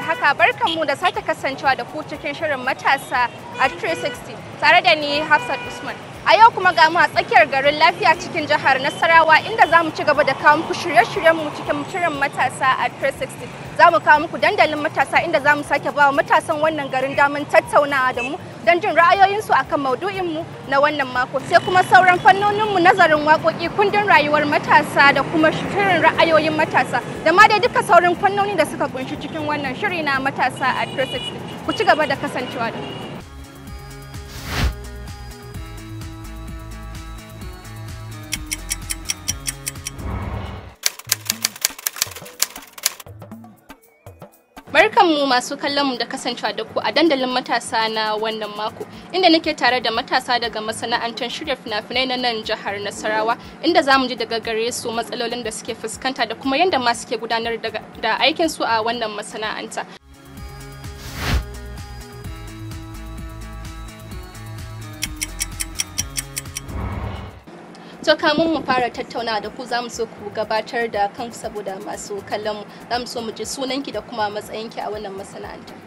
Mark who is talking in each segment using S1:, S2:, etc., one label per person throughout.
S1: haka barkanmu da sake kasancewa da ku cikin shirin matasa a 360 tare da ni Hafsat Usman. A yau kuma ga mu a tsakiyar garin lafiya cikin jihar Nasarawa inda za mu ci gaba da kawo muku shirye-shiryenmu shiryen cikin shirin matasa a 360. Za mu kawo muku dandalin matasa inda za mu sake ba matasan wannan garin damar tattaunawa da mu don jin ra'ayoyinsu akan maudu'in mu na wannan mako. Sai kuma sauran fannoninmu nazarin waƙoƙi kundin rayuwar matasa da kuma shirin ra'ayoyin matasa da ma dai duka saurin fannoni da suka kunshi cikin wannan shiri na matasa a 360 ku ci gaba da kasancewa da mu Barkan mu masu kallon mu da kasancewa da ku a dandalin matasa na wannan mako. inda nake tare da matasa daga masana'antar shirya fina-finai na nan jihar Nasarawa inda za mu ji daga gare su matsalolin da suke fuskanta da kuma yadda ma suke gudanar da aikin su a wannan masana'anta. to kamun mu fara tattauna da ku zamu so ku gabatar da kanku saboda masu kallon mu zamu so mu ji sunanki da kuma matsayinki a wannan masana'anta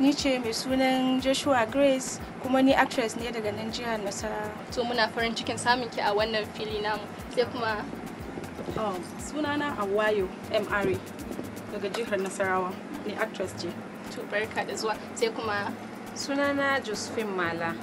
S2: ni ce mai sunan joshua
S1: grace kuma ni actress ne daga nan jihar nasara. to muna farin cikin samun ki a wannan fili namu sai kuma
S3: um, sunana awayo mra e
S4: daga jihar nasarawa ni actress ce to barka da zuwa sai kuma sunana josephine mala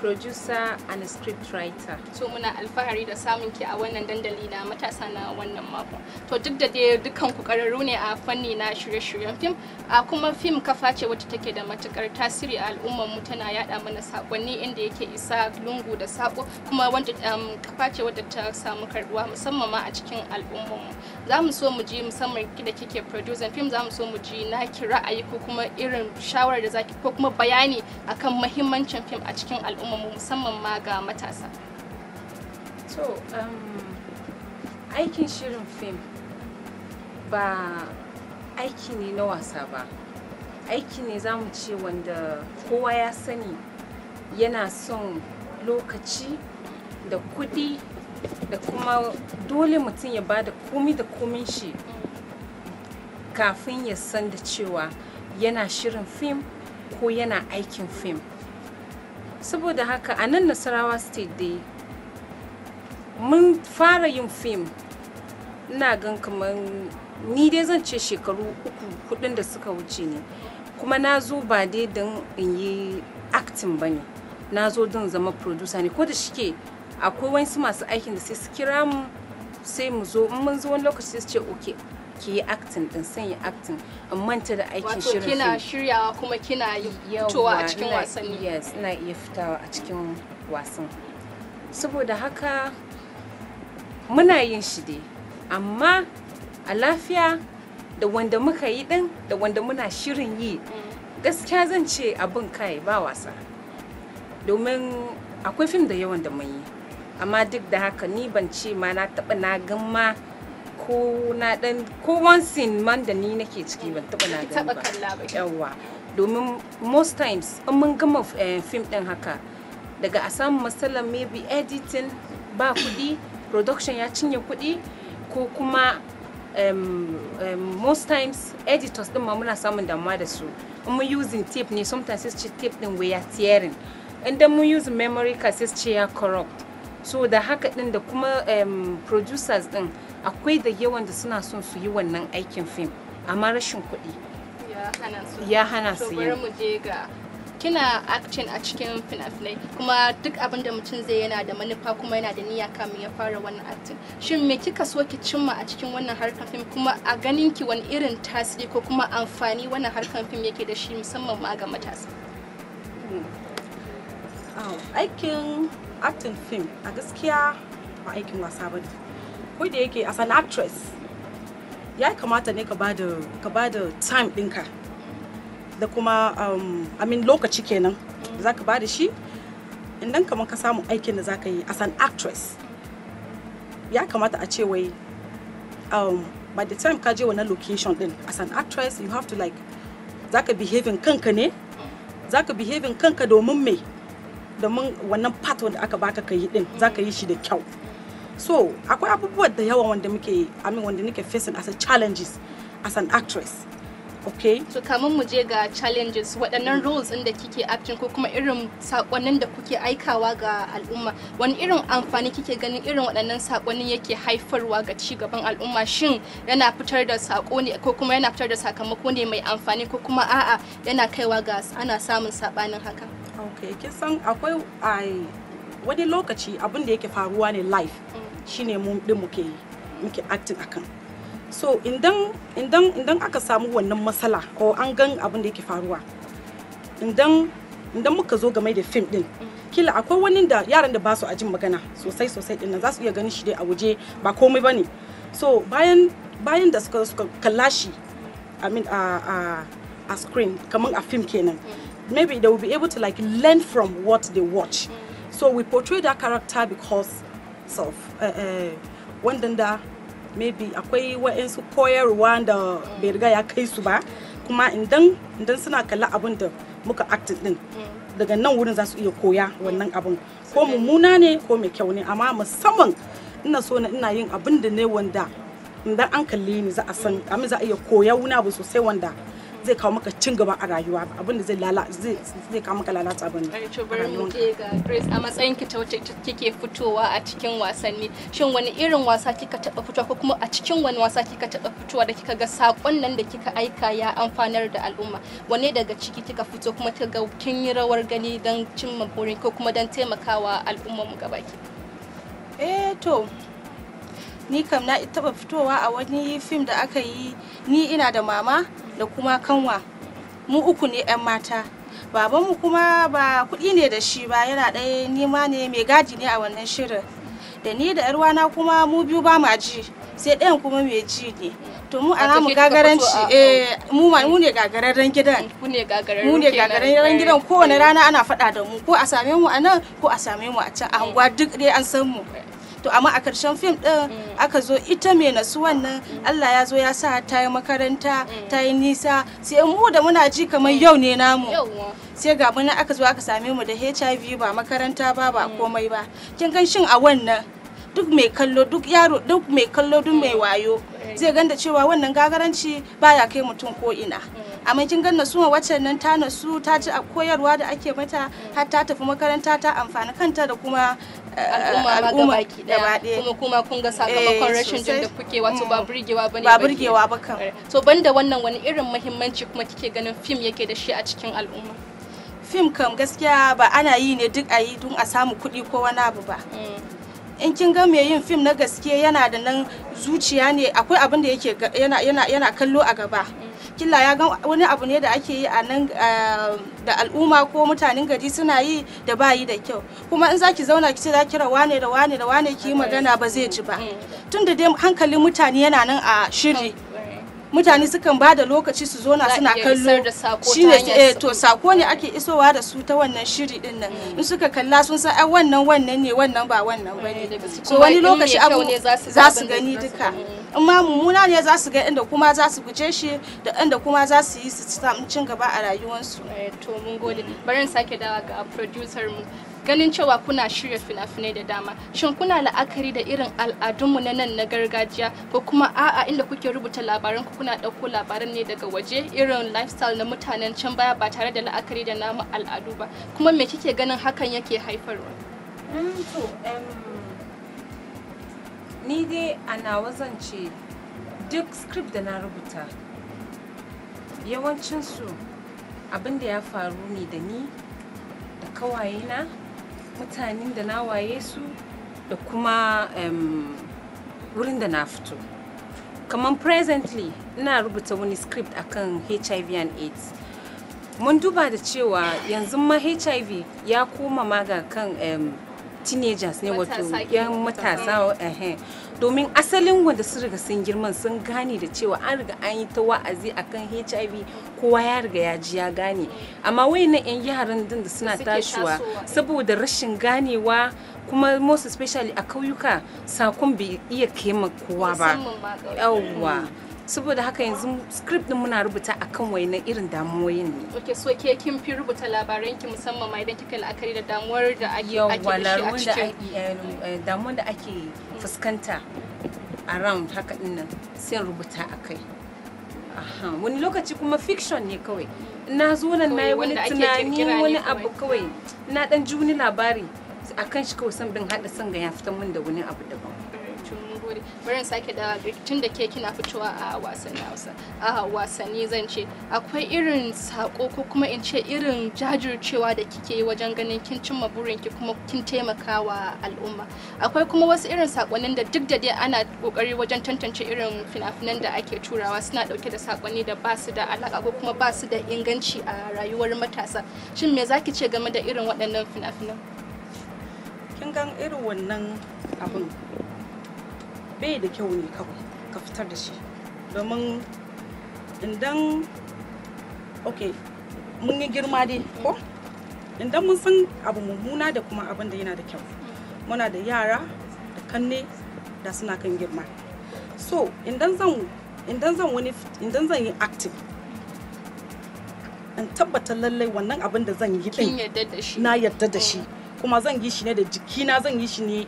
S4: producer and script writer. So muna alfahari da
S1: samun ki a wannan dandali na matasa na wannan mako. To duk da dai dukkan ku ƙwararru ne a fanni na shirye-shiryen fim, a kuma fim kafa ce wacce take da matukar tasiri a al'ummar mu tana yada mana sakonni inda yake isa lungu da sako kuma wanda um, kafa ce wadda ta samu karbuwa musamman ma a cikin al'ummar mu. za mu so mu ji musamman ki da kike producing film za mu so mu ji na naki ra'ayi ko kuma irin shawarar da zaki ko kuma bayani akan mahimmancin film a cikin al'umma mu musamman ma ga matasa
S4: to um, aikin shirin film ba aiki ne na wasa ba aiki ne za mu ce wanda kowa ya sani yana son lokaci da kudi da kuma dole mutum ya bada komi da komin shi kafin ya san da cewa yana shirin fim ko yana aikin fim saboda haka a nan nasarawa state dai mun fara yin fim ina gan kamar ni dai zan ce shekaru uku kudin da suka wuce ne kuma na zo ba dai don in yi acting ba ne na zo don zama producer ne ko da shike akwai wani masu aikin da sai su kira mu sai mu zo in mun zo wani lokaci sai su ce oke ki yi acting din sanya acting in manta da aikin shirin wato kina
S1: shiryawa kuma kina yi fitowa a cikin wasanni
S4: yes ina iya fitawa a cikin wasan saboda haka muna yin shi dai amma a lafiya da wanda muka yi din da wanda muna shirin yi mm. gaskiya zan ce abin kai ba wasa domin akwai fim da yawan da mun yi amma duk da haka ni ban ce ma na taɓa na gan ma ko na dan ko once man da ni nake ciki ban taɓa na gan ba yawa domin most times in mun gama eh, film din haka daga a samu matsalar maybe editing ba kuɗi production ya cinye kuɗi ko kuma um, um, most times editors din ma muna samun damuwa da su in mun using tape ne sometimes sai ce tape din we are tearing in mun use memory card sai ce ya corrupt so da haka din da kuma um, producers din akwai da yawan da suna son su yi wannan aikin fim amma rashin kuɗi
S1: ya hana su yi kina acting a cikin fina-finai kuma duk abin da mutum zai yana da manufa kuma yana da niyya kamun ya fara wannan acting shin me kika so ki cimma a cikin wannan harkar fim kuma a ganin ki wani irin tasiri ko kuma amfani wannan harkar fim yake da shi musamman ma ga matasa
S3: hmm. aikin acting film a gaskiya ba aikin wasa ba ne ko da yake as an actress ya kamata ne ka ba da time ɗinka da kuma um, I mean lokaci kenan za ka ba da shi idan kamar ka samu aikin da za ka yi as an actress ya kamata a ce wai um, by the time ka je wannan location din as an actress you have to like za zaka behaving kanka ne za zaka behaving kanka domin me domin wannan part wanda aka baka ka yi din za ka yi shi da kyau so akwai abubuwa da yawa wanda muke amin wanda nake facing as a challenges as an actress okay
S1: so kamar mu je ga challenges waɗannan roles din da kike acting ko kuma irin sakonnin da kuke aikawa ga al'umma wani irin amfani kike ganin irin waɗannan sakonnin yake haifarwa ga ci gaban al'umma shin yana fitar da sako ne ko kuma yana fitar da sakamako ne mai amfani ko kuma a'a yana kaiwa ga ana samun sabanin haka
S3: ok kin san akwai wani lokaci abin da yake faruwa ne live shine mu din muke yi muke acting akan so idan idan aka samu wannan matsala ko an gan abin da yake faruwa idan idan muka zo game da film din kila akwai wani da yaran da ba su ajin magana sosai sosai din nan za su iya ganin shi dai a waje ba komai bane so bayan bayan da suka suka kalla shi i mean a a a screen kamar a film kenan maybe they will be able to like learn from what they watch. So we portray that character because of wanda uh, uh, maybe akwai wa'insu koyarwa da rwanda berga ya kai su ba kuma idan idan suna kalla abin da muka acting din daga nan wurin za su iya koya wannan abin ko mummuna ne ko mai kyau ne amma musamman ina so na ina yin abin da ne wanda idan an kalle ni za a san za a iya koya wani abu sosai wanda zai kawo maka cin gaba a rayuwa ba abinda zai lala zai zai kawo maka lalata bane a
S1: Grace a matsayin ki ta wace kike fitowa a cikin wasanni shin wani irin wasa kika taba fitowa ko kuma a cikin wani wasa kika taba fitowa da kika ga sakon nan da kika aika ya amfanar da al'umma wani daga ciki kika fito kuma kika ga kin yi rawar gani don cimma burin ko kuma don taimakawa al'umma mu gabaki
S2: eh to ni kam na taba fitowa a wani fim da aka yi ni ina da mama da kuma kanwa mu uku ne 'yan mata babanmu kuma ba kuɗi ne da shi ba yana ɗaya nima ne mai gadi ne a wannan shirin da ni da yarwana kuma mu biyu ba ma ji sai ɗayan kuma mai ji ne to mu ana mu gagaranci eh mu ma mu ne gagararren gidan mu
S1: ne gagararren eh. gidan kowane rana ana
S2: faɗa da mu ko a same mu a nan ko a same mu a can a anguwa eh. duk dai an san mu eh. to amma a karshen fim ɗin mm. aka zo ita mai nasu wannan Allah ya zo ya sa ta yi makaranta mm. ta yi nisa sai mu da muna ji kamar yau ne namu sai ga muna aka zo aka same mu da HIV ba makaranta ba ba mm. komai ba kin gan shin a wannan duk mai kallo duk yaro duk mai kallo duk mai wayo zai ganda cewa wannan gagaranci baya kai mutum ko ina amma kin ganna suma wacce nan ta nasu ta ji a koyarwa da ake mata har ta tafi makaranta ta amfani kanta da kuma eh, al'umma gaba ɗaya kuma kuma kun ga sakamakon eh, rashin jin da kuke wato ba mm. burgewa bane ba burgewa ba kan eh, to banda
S1: wannan wani irin muhimmanci kuma kike ganin fim yake da shi a cikin al'umma
S2: fim kam gaskiya ba ana yi ne duk ayi yi don a samu kuɗi ko wani abu ba mm. in kin ga mai yin fim na gaske yana da nan zuciya ne akwai abin da yake yana kallo a gaba killa ya ga wani abu ne da ake yi a nan eh, da al'umma ko mutanen gari suna yi da ba yi da kyau kuma in zaki zauna ki ce za kira wane da wane da wane ki magana ba zai ji ba mm. tunda dai hankalin mutane yana nan a shiri mutane sukan ba da lokaci su zo na suna kallo ne eh to sako ne ake isowa da su ta wannan shiri din nan mm. in suka kalla sun san ai wannan wannan ne wannan ba wannan bane mm, so wani lokaci abu za su gani duka in ma mummuna ne za su ga inda kuma za su guje shi da inda kuma za su yi su samu cin gaba a rayuwarsu eh, to mun gode bari sake dawa
S1: ga producer mu ganin cewa kuna shirya fina-finai da dama shin kuna la'akari da irin al'adunmu na nan na gargajiya ko kuma a'a inda kuke rubuta labaran ku kuna ɗauko labaran ne daga waje irin lifestyle na mutanen can baya ba tare da la'akari da namu al'adu ba kuma me kike ganin
S4: hakan yake haifarwa mm, ni dai a nawa zan ce duk script da na rubuta yawancinsu abin da ya faru ne da ni da kawayena mutanen da na waye su da kuma wurin da na fito kamar presently ina rubuta wani script akan hiv and aids mun duba da cewa yanzu ma hiv ya koma maga kan teenagers ne wato yan matasa mm. domin asalin wanda sun riga sun girman sun gane da cewa an riga an yi ta wa'azi akan hiv kowa ya riga ya ji ya gane amma wayannan 'yan yaran din da suna tashiwa saboda rashin ganewa kuma most especially a kauyuka sakon bai iya kema kowa ba yawwa saboda haka yanzu script din muna rubuta akan na irin damuwoyin ne
S1: okay so ke kin fi rubuta labaran ki musamman ma idan kika la'akari da damuwar da ake da shi cikin
S4: eh, eh, damuwar da ake fuskanta around haka nan sai rubuta akai wani lokaci kuma fiction ne kawai na zo nan na yi wani tunani wani abu kawai na dan ji wani labari akan shi kawai san bin hada san ga ya fitan mun da wani abu daban
S1: bari sake da tun da ke kina fitowa a wasanni a wasanni zan ce akwai irin sako ko kuma in ce irin jajircewa da kike yi wajen ganin kin cimma burinki kuma kin taimaka wa al'umma akwai kuma wasu irin sakonnin da duk da dai ana kokari wajen tantance irin fina-finan da ake turawa suna dauke da sakonni da ba su da alaka ko kuma ba su da inganci a rayuwar matasa shin me zaki ce game da irin waɗannan fina-finan
S3: kin gan irin wannan abun. bai da kyau ne kawai ka fitar da shi domin idan ok mun yi girma dai ko idan mun san abu mummuna da kuma abin da yana da kyau muna da yara da kanne da suna kan girma so idan zan wani idan zan yi active in tabbatar lallai wannan abin da zan yi din na yadda da shi oh. kuma zan yi shi ne da jikina zan yi shi ne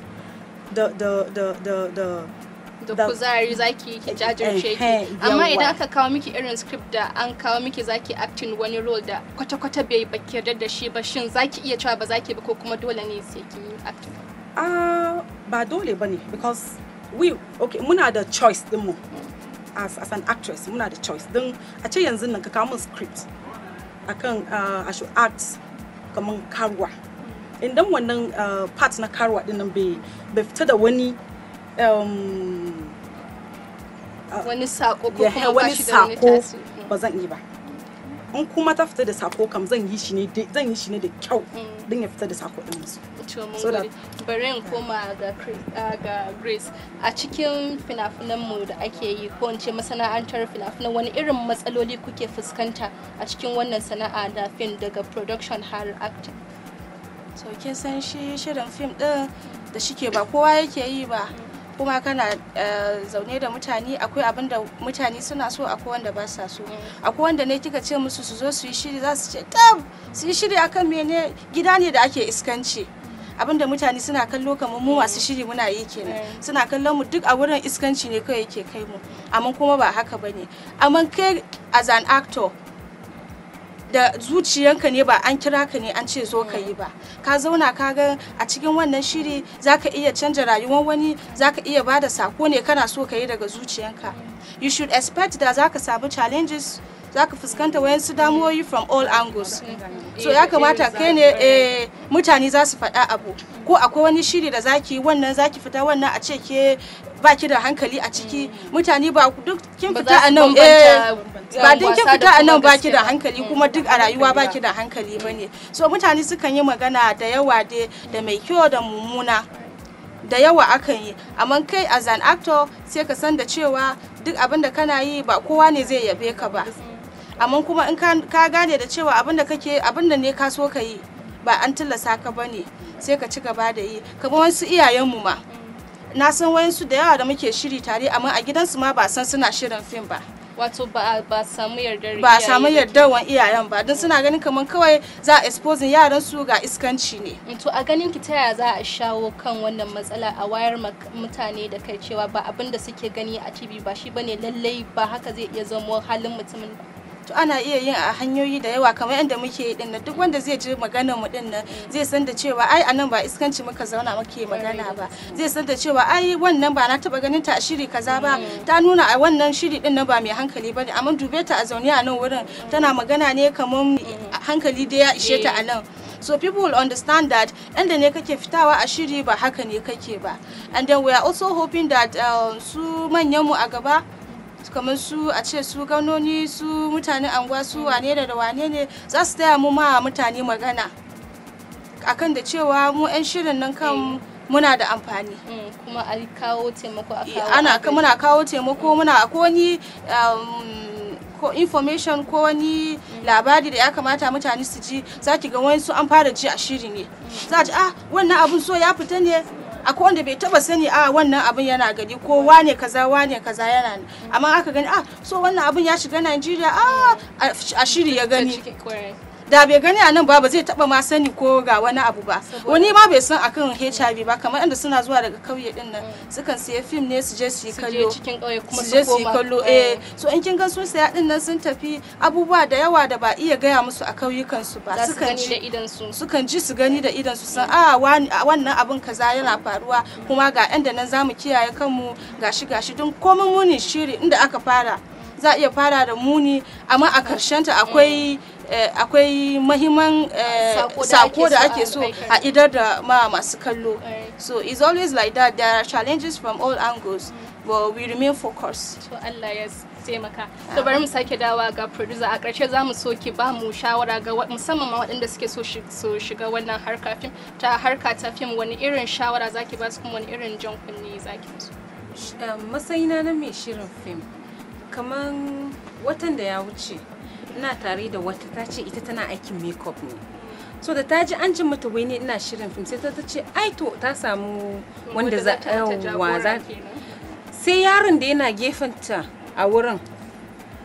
S3: da da da da da da kuzari
S1: zaki ki eh, jajirce eh, ki eh, amma idan aka kawo miki irin script da an kawo miki zaki acting wani role da kwata-kwata bai baki yarda da shi ba shin zaki iya cewa ba zaki ba ko kuma dole ne sai ki acting
S3: ah ba dole bane because we okay muna da choice din mu as, as an actress muna da choice din a ce yanzu nan ka kawo min script akan uh, a should act kamar karuwa idan wannan uh, part na karwa din nan bai fita da wani um, uh,
S1: wani sako ko kuma wani sako
S3: mm. ba zan yi ba in kuma ta fita da sako kam zan yi shi ne zan yi shi ne da kyau mm. don ya fita da sako din musu
S1: to bari in koma ga uh, ga Grace a cikin finafinan mu da ake yi ko in ce masana'antar finafinan wani irin matsaloli kuke fuskanta a cikin wannan sana'a da fin daga production har acting
S2: so san shi shirin fim din da shike ba kowa yake yi ba kuma kana eh, zaune da mutane akwai abin da mutane suna so akwai wanda ba sa so akwai wanda ne kika ce musu su zo su yi shiri za su ce tab su yi shiri akan mene gida ne da ake iskanci abin da mutane suna kallo kamar mu masu shiri muna yi kenan suna kallon mu duk a wurin iskanci ne kawai yake kai mu amma kuma ba haka bane amma kai as an actor da zuciyanka ne ba an kira ka ne an ce zo ka yi ba ka zauna ka ga a cikin wannan shiri ka iya canja rayuwar wani za ka iya ba da sako ne kana so ka yi daga zuciyanka you should expect da za ka samu challenges za ka fuskanta wayansu damuwoyi from all angles so ya kamata eh, kai ne eh, mutane za su faɗa abu ko akwai wani shiri da zaki wannan zaki fita wannan a ce ke ba ki da hankali a ciki mm. mutane ba duk kin eh, fita a nan ba duk kin fita a nan ba ki da hankali mm. kuma duk a rayuwa ba ki da hankali bane so mutane sukan yi magana da yawa da mai kyau da mummuna da yawa akan yi amma kai as an actor sai ka san da cewa duk abin da kana yi ba kowa ne zai yabe ka ba mm. amma kuma in ka gane da cewa abin da kake abin ne ka so ka yi ba an tilasta ka bane sai ka ci gaba da yi kamar wasu iyayenmu ma na san wayansu da yawa da muke shiri tare amma a gidansu ma ba san suna shirin fim ba
S1: wato ba ba samu yardar ba samu yardar wan iyayen
S2: ba don suna ganin kamar kawai za a exposing yaran su ga iskanci ne to a ganin ki taya za a shawo kan wannan matsala a wayar mutane da kai cewa ba abin da suke gani a TV ba shi bane lallai ba haka zai iya zama halin mutumin to ana iya yin a hanyoyi da yawa kamar yadda muke yi dinnan duk wanda zai ji maganar mu dinnan zai san da cewa ai anan ba iskanci muka zauna muke magana ba zai san da cewa ai wannan ba na taba ganin ta a shiri kaza ba mm. ta nuna a wannan shiri dinnan ba mai hankali ba ne amma dube ta a zaune a nan wurin tana magana ne kamar mm. hankali da ya ishe ta a eh. nan so people will understand that and then kake fitawa a shiri ba haka ne kake ba and then we are also hoping that um, su manyan mu a gaba kamar su a ce su gaunoni su mutane anguwa su wane da da wane ne za su taya mu ma mutane magana akan da cewa mu 'yan shirin nan kan eh. muna da amfani mm, kuma a
S1: kawo taimako a kawo eh, ana muna
S2: kawo taimako muna ko ni um, ko information ko wani mm. labari da ya kamata mutane su ji za ki ga wani su an fara ji a shiri ne mm. za ji ah wannan abun so ya fita ne akwai wanda bai taba sani a ah, wannan abin yana gari ko wane kaza wane kaza yana ne amma aka gani a ah, so wannan abin ya shiga Najeriya ah, a shiri ya gani da bai gani a nan ba ba zai taba ma sani ko ga wani abu ba wani ma bai san akan HIV ba kamar inda suna zuwa daga kauye din nan mm. sukan siya film ne su je su yi kallo su je su kallo eh. eh so in kin ga sun saya din nan sun tafi abubuwa da yawa da ba iya gaya musu a kauyukan su ba sukan ji da idan su sukan ji su gani da eh. idan su san eh. a ah, wannan abun kaza yana faruwa mm. kuma ga inda nan zamu kiyaye kanmu gashi gashi don komai munin shiri inda aka fara za iya fara da muni amma a mm. ta akwai Eh, akwai mahimman eh, sako da ake so a idar da ma masu kallo so it's always like that there are challenges from all angles but we remain focused to Allah ya taimaka to bari mu sake
S1: dawa ga producer a ƙarshe za mu so ba mu shawara ga musamman ma waɗanda suke so shiga wannan harka fim ta harka ta fim wani irin shawara zaki ba su kuma wani irin jan kunne zaki
S4: musu eh, matsayina na mai shirin fim kamar watan da ya wuce ina tare da wata ta ce ita tana aikin makeup ne so da ta ji an ji mata wai ne ina shirin film sai ta ce ai to ta samu wanda za a wa za sai yaron da yana gefenta a wurin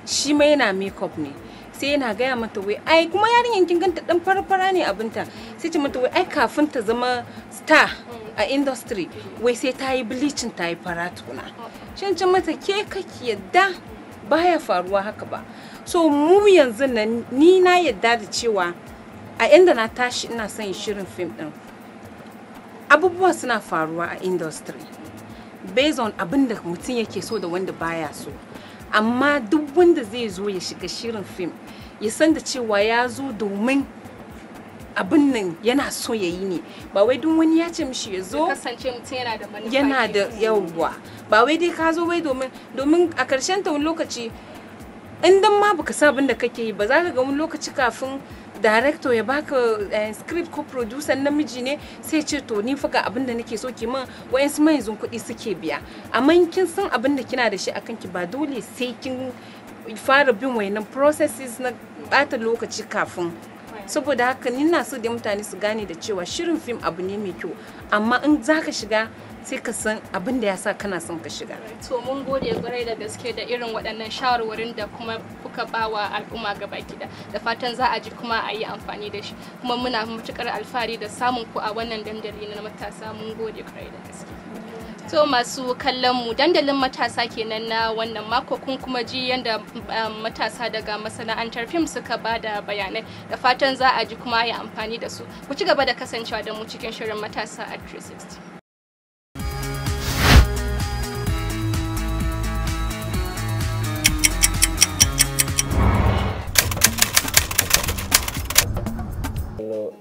S4: shi mai yana makeup ne sai yana gaya mata wai ai kuma yarinyar kin ganta dan farfara ne abinta sai ce mata wai ai kafin ta zama star a industry wai sai ta yi bleaching ta yi fara tukuna mm. shan mata ke kake yadda baya faruwa haka ba so mu yanzu nan ni na yadda da cewa a inda na tashi ina son shirin fim din abubuwa suna faruwa a industry based on abin da mutum yake so da wanda baya so amma duk wanda zai zo ya shiga shirin fim ya san da cewa ya zo domin abin nan yana so ya yi ne ba wai duk wani ya ce mishi ya zo
S1: kasance yana da manufa
S4: yawwa ba wai dai ka zo wai domin domin a karshen ta wani lokaci in dan ma baka sa abin da kake yi ba za ka ga wani lokaci kafin director ya baka eh, script ko producer namiji ne sai ce to ni fa ga abin da nake so ki min su mai zun kuɗi suke biya amma kin san abin da kina da shi akan ki ba dole sai kin fara bin wayannan processes na bata lokaci kafin saboda haka ni na so da mutane su gane da cewa shirin fim abu ne mai kyau amma in zaka shiga sai ka san abin da ya sa kana son ka shiga
S1: to mun gode gwarai da gaske da irin waɗannan shawarwarin da kuma kuka wa al'umma ga gida da fatan za a ji kuma a yi amfani da shi kuma muna matukar alfahari da samun ku a wannan dandali na matasa mun gode gwarai da gaske To masu kallon mu dandalin matasa kenan na wannan mako kun kuma ji yadda um, matasa daga masana'antar fim suka ba da bayanai da fatan za a ji kuma a yi amfani da su. Ku ci gaba da kasancewa da mu cikin shirin matasa a 360.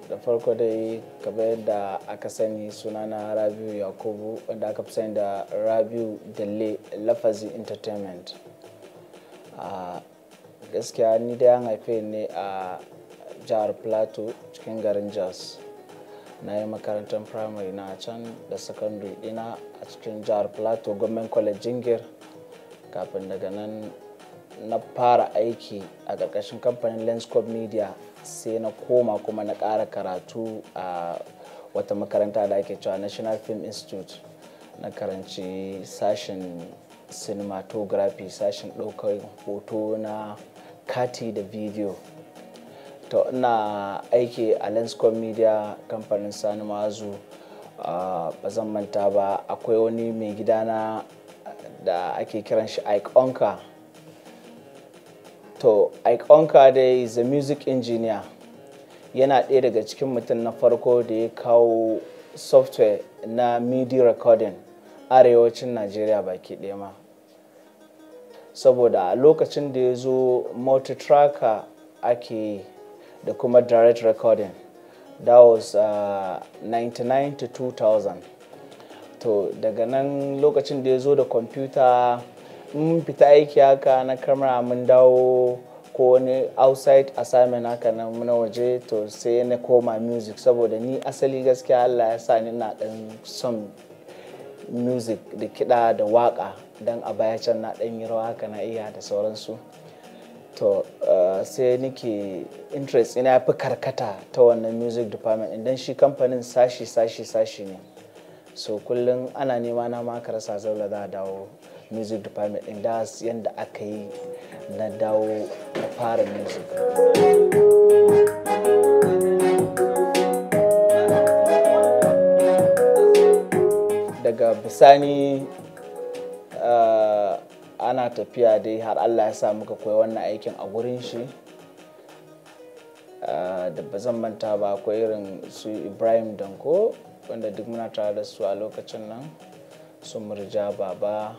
S5: da farko dai kamar yadda aka sani sunana rabiu yakubu wanda aka fi sani da rabiu dalle lafazi entertainment a gaskiya ni da ya haife ne a jihar plateau cikin garin jos na yi makarantar primary na can da secondary dina a cikin jihar plateau government college jingir kafin daga nan na fara aiki a ƙarƙashin kamfanin lenscope media sai na koma kuma na ƙara karatu a wata makaranta da ake cewa national film institute na karanci sashen cinematography sashen ɗaukar hoto na kati da video ta ina aiki a lenscom media kamfanin sani mazu ba zan manta ba akwai wani mai gidana da ake kiran shi ike onka To, Ike Onka dai is a music engineer. Yana ɗaya daga cikin mutum na farko da ya kawo software na MIDI recording arewacin Najeriya baki ɗaya ma. Saboda a lokacin da ya zo multi-tracker ake yi da kuma direct recording. That was uh, 99 to 2000. To, daga nan lokacin da ya zo da computer. mun fita aiki haka na kamera mun dawo ko wani outside assignment haka na muna waje to sai na koma music saboda ni asali gaskiya Allah ya sa ni na dan son music da kiɗa da waka don a baya can na ɗan yi rawa haka na iya da sauransu to eh, sai nike interest ina fi karkata ta wannan music department idan shi kamfanin sashi sashi sashi ne so kullum ana nema na ma rasa zaula za a dawo music department in da yadda aka yi na dawo na fara music daga bisani ah, ana tafiya dai har allah ya sa muka koya wannan aikin a gurin shi ah, da ba zan manta ba akwai irin su ibrahim danko wanda duk muna tare da su a lokacin nan su murja baba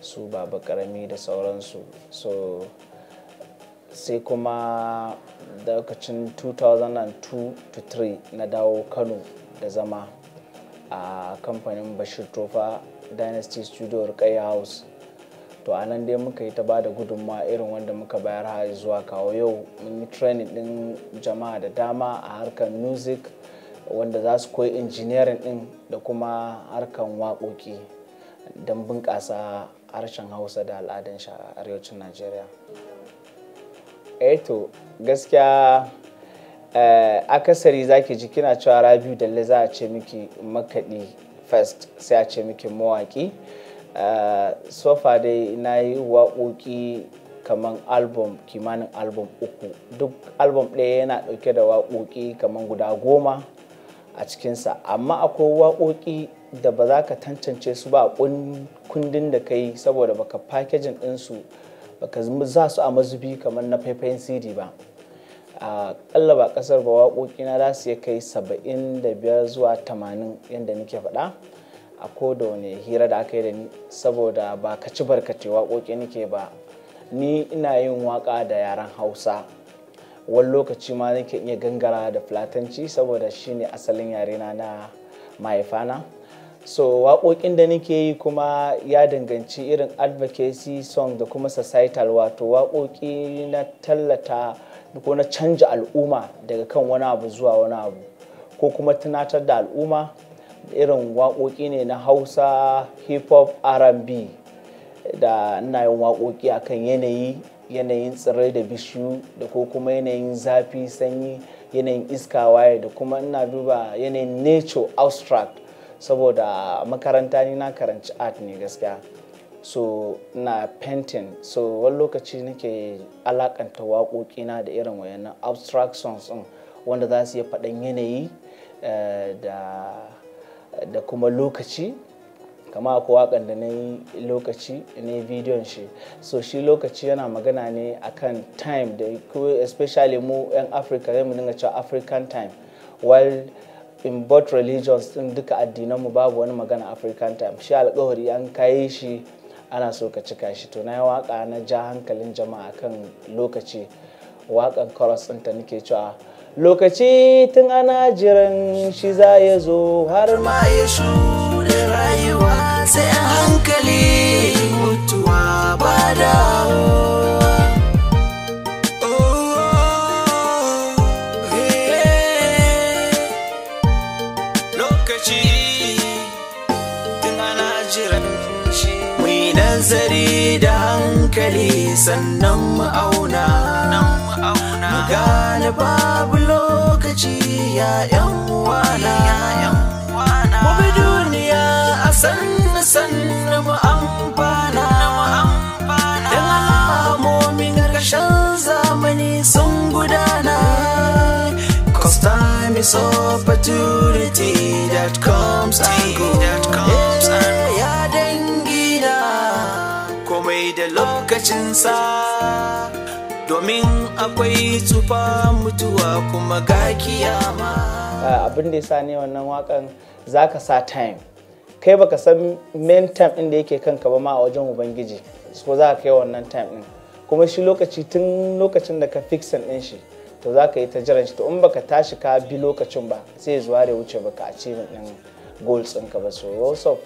S5: su baba karami da sauransu so sai kuma lokacin 2002-3 na dawo kano da zama a kamfanin bashir tofa dynasty studio rikaya house to a nan dai muka yi ta ba da gudunmawa irin wanda muka bayar har zuwa kawo yau mun yi training din jama'a da dama a harkar music wanda za su koyi engineering din da kuma harkar waƙoƙi don bunƙasa harshen hausa da al'adun shi a arewacin najeriya eh to gaskiya eh, akasari zaki ji kina cewa rabiu dalle za a ce miki makaɗi first sai a ce miki mawaƙi eh, far dai na yi waƙoƙi kamar album kimanin album uku duk album ɗaya yana ɗauke da waƙoƙi kamar guda goma a cikinsa amma akwai waƙoƙi da ba za ka tantance su ba a kundin da ka yi saboda baka fakejin ɗinsu baka za su a mazubi kamar na faifayin cd ba a ƙalla ba ƙasar ba waƙoƙina za su ya kai 75 zuwa 80 yadda nake faɗa a ko da wani hira da aka yi da ni saboda ba ka ci barkace waƙoƙi nake ba ni ina yin waƙa da yaren hausa wani lokaci ma nake iya gangara da fulatanci saboda shine asalin yarena na mahaifana so waƙoƙin da nake yi kuma ya danganci irin advocacy song da kuma societal wato waƙoƙi na tallata ko na canja al'umma daga kan wani abu zuwa wani abu ko kuma tunatar da al'umma irin waƙoƙi ne na hausa hip hop r&b da ina yin waƙoƙi akan yanayi yanayin tsirrai da bishiyu da ko kuma yanayin zafi sanyi yanayin iska waye da kuma ina duba yanayin nature abstract saboda makaranta ni na karanci art ne gaskiya so na painting so wani lokaci nake alakanta waƙoƙina da irin wayannan abstract songs din wanda za su yi faɗan yanayi eh, da kuma lokaci kama akwai wakan da na yi lokaci na yi bidiyon shi so shi lokaci yana magana ne akan time da especially mu 'yan afirka zai mu dinga cewa african time while in both religions din duka addinanmu babu wani magana african time shi alkawari an kai shi ana so ka cika shi to na yi waka na ja hankalin jama'a kan lokaci wakan chorus ta nake cewa lokaci tun ana jiran shi za ya zo har ma ya shuɗe
S6: rayuwa sai hankali sannan mu auna gane babu lokaci ya yan wana. mu duniya a sannu sannu mu amfana dan alamomin ƙarshen zamani sun gudana Cause is opportunity that da lokacinsa domin akwai tsufa mutuwa kuma ga kiyama
S5: ah, abin da ya sa ne wannan wakan zaka sa time kai baka san main time inda yake kanka ba ma a wajen ubangiji so za ka kai wannan time din kuma shi lokaci tun lokacin da ka fixin din shi to za ka yi ta jiran shi to in baka tashi ka bi lokacin ba sai zuwa da wuce baka cikin din goals ɗinka ba so wasu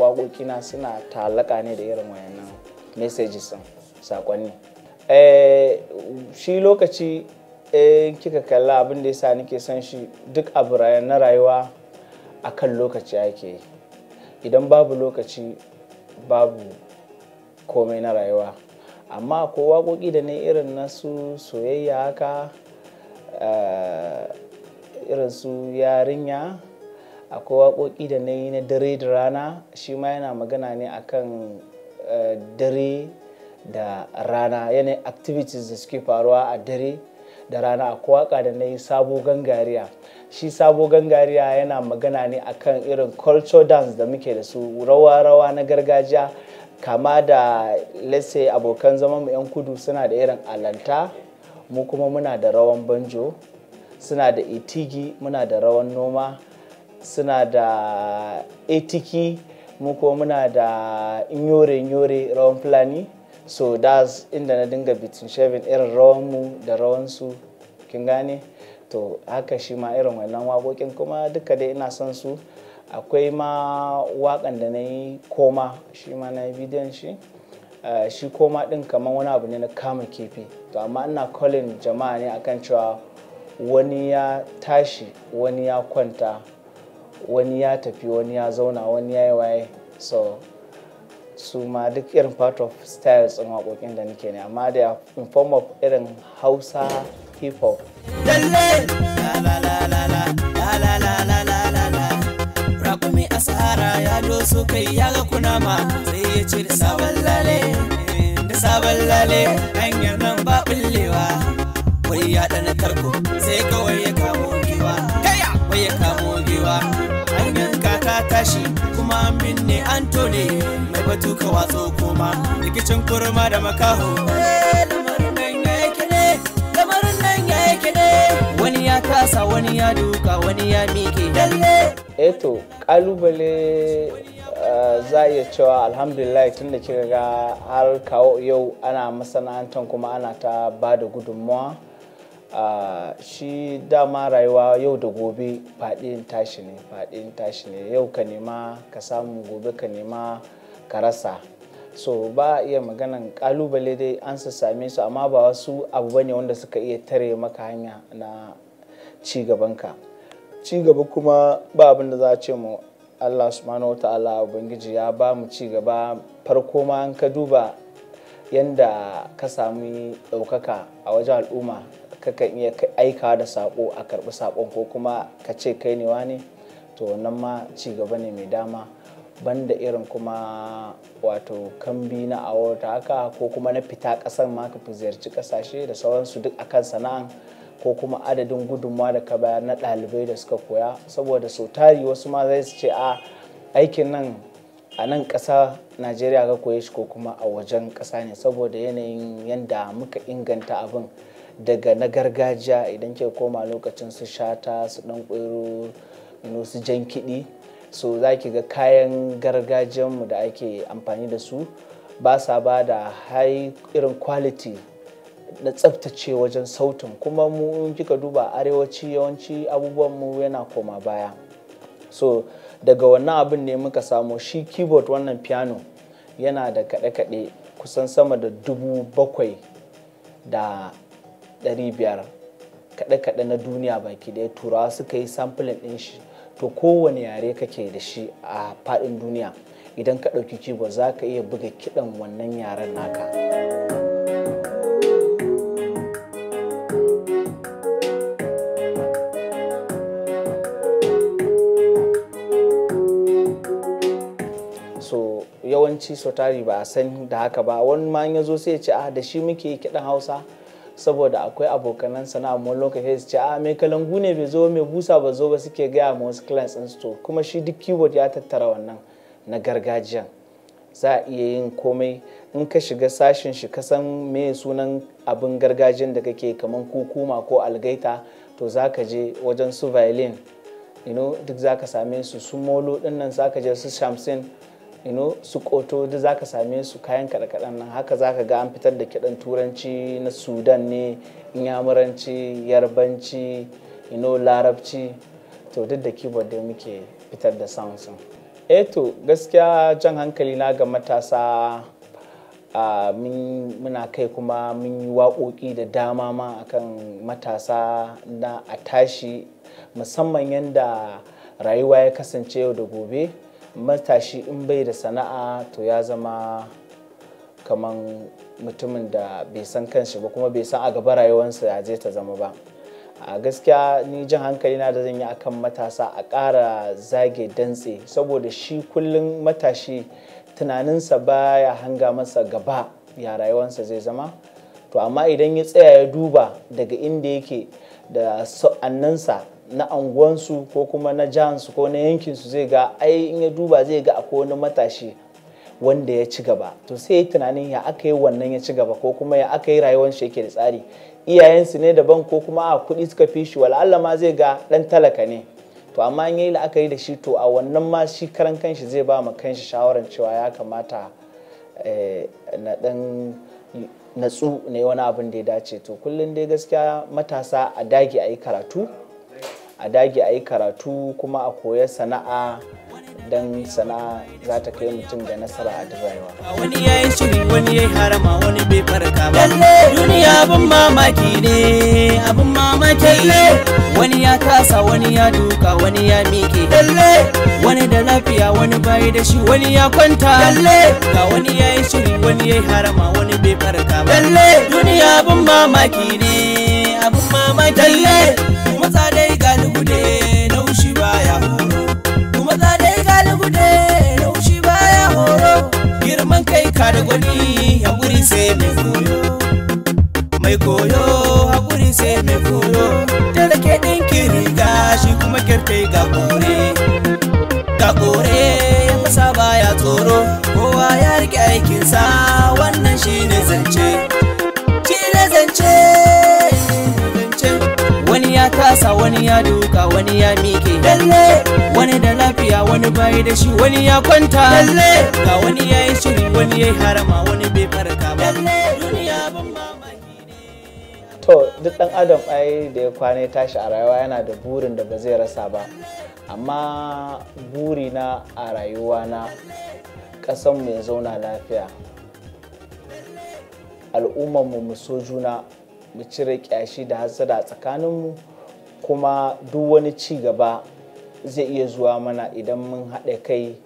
S5: na suna talaka ne da irin wayannan messages sakonni eh, shi lokaci eh, kika kalla abin da yasa nake son shi duk abu na rayuwa akan lokaci ake yi idan babu lokaci babu komai na rayuwa amma ko waƙoƙi da ne irin na su soyayya haka eh, irin su yarinya akwai waƙoƙi da na na dare da rana shi ma yana magana ne akan dare da rana yanayin activities da suke faruwa a dare da rana a kowaka da na yi sabo gangariya shi sabo gangariya yana magana ne akan irin culture dance da muke da su rawa-rawa na gargajiya kama da lese abokan zama mu 'yan kudu suna da irin alanta mu kuma muna da rawan banjo suna da itigi muna da rawan noma suna da etiki mu ko muna da inyore inyore rawan fulani so das inda na dinga bitin shevin irin rawan mu da rawan su kin gane to haka shi ma irin wannan waƙoƙin kuma duka dai ina son su akwai ma waƙan da na yi koma shi ma na yi shi eh, shi koma ɗin kamar wani abu ne na kama kifi to amma ina calling jama'a ne akan cewa wani ya tashi wani ya kwanta wani ya tafi wani ya zauna wani ya yi waye so su ma duk irin part of styles in waƙoƙin da nake ne amma da in form of irin hausa hip hop
S6: raƙumi a sahara ya doso kai ya ga kunama sai ya ce da sabon lale da sabon lale hanyar nan ba ɓullewa wai ya ɗana karko sai kawai ya shi kuma min ne antoni mai batu ka watso kuma rikicin kurma da makaho eh, wani ya kasa wani ya duka
S5: wani ya mike lalle eto eh kalubale eh, za a iya cewa alhamdulillah tun da kika ga har kawo yau ana masana'antar kuma ana ta ba da gudunmawa A shi dama rayuwa yau da gobe faɗin tashi ne faɗin tashi ne yau ka nema ka samu gobe ka nema ka rasa so ba a iya maganan kalubale dai an su same su amma ba wasu abu bane wanda suka iya tare maka hanya na cigabanka cigaba kuma ba abin da za a ce mu allah subhanahu wa ta'ala ubangiji ya ba mu cigaba farko ma an ka duba yanda ka sami ɗaukaka a wajen al'umma kakan iya aika da sako a karbi sakon ko kuma ka ce kai ne wani to wannan ma ci gaba ne mai dama banda irin kuma wato kambi na awota haka ko kuma na fita kasan ma ka ziyarci kasashe da sauransu duk akan sana'an ko kuma adadin gudunmawa da ka bayar na ɗalibai da suka koya saboda sau tari wasu ma zai su ce a aikin nan a nan ƙasa najeriya ka koye shi ko kuma a wajen ƙasa ne saboda yanayin yadda muka inganta abin daga na gargajiya idan ke koma lokacin su shata su dan kwero su jan kiɗi so za ki ga kayan gargajiyanmu da ake amfani da su ba sa ba da high irin quality na tsabtace wajen sautin kuma mu in kika duba arewaci yawanci abubuwanmu yana koma baya so daga wannan abin ne muka samu shi keyboard wannan piano yana da kaɗe-kaɗe kusan sama da dubu bakwai da biyar kaɗe-kaɗe na duniya baki ɗaya turawa suka yi samfulin ɗin shi to kowane yare kake da shi a faɗin duniya idan ka ɗauki kibo za ka iya buga kiɗan wannan yaren naka yawanci sautari ba a san da haka ba wani ma ya zo sai ya ce a ah, da shi muke kiɗan hausa saboda akwai abokanan a mun lokaci su ce a ah, mai kalangu ne bai zo mai busa ba zo ba suke gaya ma wasu clients din to kuma shi duk keyboard ya tattara wannan na gargajiya za a iya yin komai in ka shiga sashin shi ka san me sunan abin gargajiyan da kake kaman kukuma ko algaita to za ka je wajen su violin you know duk za ka same su su molo dinnan za ka je su shamsin ino su koto duk zaka same su kayan kaɗe-kaɗen nan haka zaka ga an fitar da kiɗan turanci na sudan ne inyamuranci yarbanci ino larabci to duk da keyboard da muke fitar da sounds eh to gaskiya jan hankali na ga matasa muna kai kuma mun yi waƙoƙi da dama ma akan matasa na a tashi musamman yadda rayuwa ya kasance yau da gobe matashi in bai da sana'a to ya zama kaman mutumin da bai san kanshi ba kuma bai san a gaba rayuwarsa ya je ta zama ba a gaskiya ni jin hankali na da zan yi akan matasa a ƙara zage dantse saboda shi kullum matashi tunaninsa ba ya hanga masa gaba ya rayuwarsa zai zama to amma idan ya tsaya ya duba daga inda yake da sa'annansa na anguwansu ko kuma na jansu ko na yankinsu zai ga ai in ya duba zai ga akwai wani matashi wanda ya ci gaba to sai ya tunanin ya aka yi wannan ya ci gaba ko kuma ya aka yi rayuwar shi yake da tsari iyayensu ne daban ko kuma a kuɗi suka fi shi wala'alla ma zai ga ɗan talaka ne to amma in yi la'akari da shi to a wannan ma shi karan kanshi zai ba ma kanshi shawaran cewa ya kamata eh, na ɗan natsu ne wani abin da ya dace to kullum dai gaskiya matasa a dage a yi karatu a dage a yi karatu kuma a koya sana'a don sana'a za ta kai mutum ga nasara a duk rayuwa. Wani ya yi shiri wani ya yi harama wani bai farka ba.
S6: Duniya abin mamaki ne abin mamaki. Wani ya kasa wani ya duka wani ya miƙe. Wani da lafiya wani bayi da shi wani ya kwanta. Ga wani ya yi shiri wani ya yi harama wani bai farka ba. Duniya abin mamaki ne abin mamaki. matsa dai galibu ne na ushi baya horo galibu ne na ushi baya horo girman kai ka da gwani haƙuri sai mai koyo mai koyo haƙuri sai mai koyo ta da ke ɗinki riga shi kuma kyartai ga kore ga kore ya masa baya tsoro kowa ya riƙe aikinsa wannan shine zance ya kasa wani ya duka wani ya mike lalle wani da lafiya wani bayi da shi wani ya kwanta lalle ga wani ya yi shiri wani
S5: ya yi harama wani bai farka ba lalle duniya ban mamaki to duk dan adam ai da ya kwana ya tashi a rayuwa yana da burin da ba zai rasa ba amma buri na a rayuwa na ƙasan ya zauna lafiya al'ummar mu so juna mu cire kyashi da hasada mu kuma duk wani ci gaba zai iya zuwa mana idan mun haɗa kai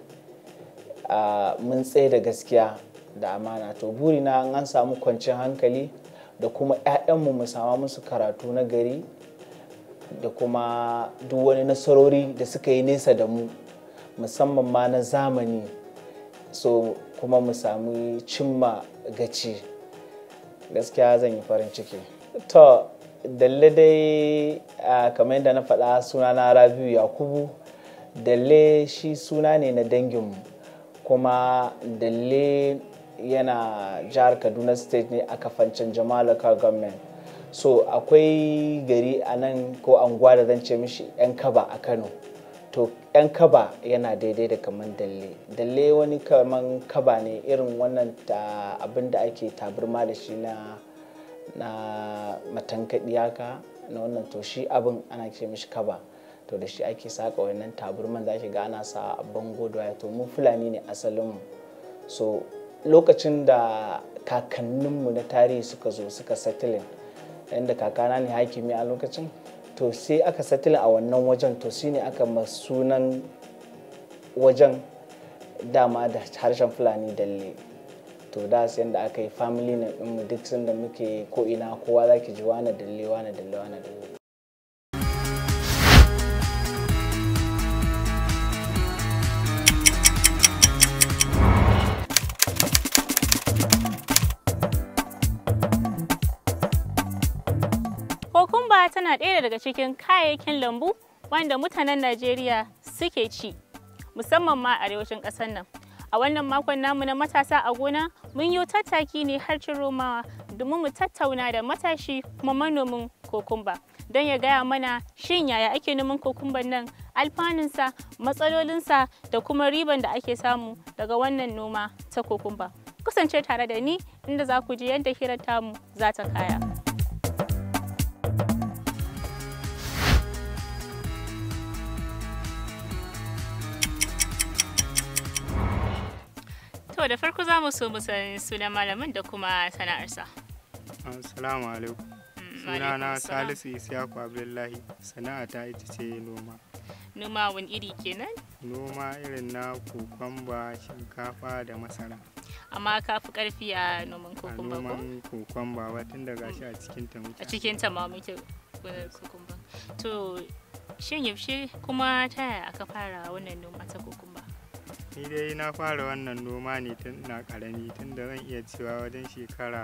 S5: mun tsaye da gaskiya da amana to burina an samu kwanciyar hankali da kuma 'ya'yanmu mu sama musu karatu na gari da kuma duk wani nasarori da suka yi nesa da mu musamman ma na zamani so kuma mu sami cimma gaci gaskiya zan yi farin ciki to dalle dai kamar yadda na faɗa suna na rabiu yakubu dalle shi suna ne na danginmu kuma dalle yana jihar kaduna state ne a kafancin jama'ar government so akwai gari a nan ko anguwa da zan ce mishi yan kaba a kano to yan kaba yana daidai da kaman dalle dalle wani kaman kaba ne irin wannan abin da ake taburma da shi na na matankaɗi haka na wannan to shi abin ana ce mishi kaba to da shi ake saka wannan taburman za ki ga ana sa a bango da to mu fulani ne asalinmu so lokacin da kakanninmu na tarihi suka zo suka satilin yadda kakana ne hakimi a lokacin to sai aka satilin a wannan wajen to shi ne aka masunan wajen dama da harshen fulani dalle to da sai da aka yi family na mu duk sanda muke ko ina kowa zaki ji wani dalle wani dalle wani dalle
S7: Kokumba tana ɗaya daga cikin kayayyakin lambu wanda mutanen Najeriya suke ci, musamman ma arewacin ƙasar nan. A wannan makon namu na matasa a gona mun yi tattaki ne har Romawa domin mu tattauna da matashi kuma manomin kokumba don ya gaya mana shin yaya ake noman kokumban nan alfanunsa matsalolinsa da kuma riban da ake samu daga wannan noma ta kokumba. Kusance tare da ni inda za ku ji yadda hirar tamu za ta kaya. To da farko za mu so mu san sunan malamin da kuma sana'arsa.
S8: Assalamu alaikum. Mm, Sunana Salisu Isiyaku Abdullahi, sana'ata ita ce noma.
S7: Noma wani iri kenan?
S8: Noma irin na kokwamba, shinkafa da masara. Amma
S7: ka fi karfi a noman kokumba. ko? A
S8: noman kokwamba ba tun daga shi a cikin ta muke. A cikin
S7: ta ma muke kokumba To shin yaushe kuma ta yaya aka fara wannan noma ta kokumba.
S8: ni dai na fara wannan noma ne tun na karami tun da zan iya cewa wajen shekara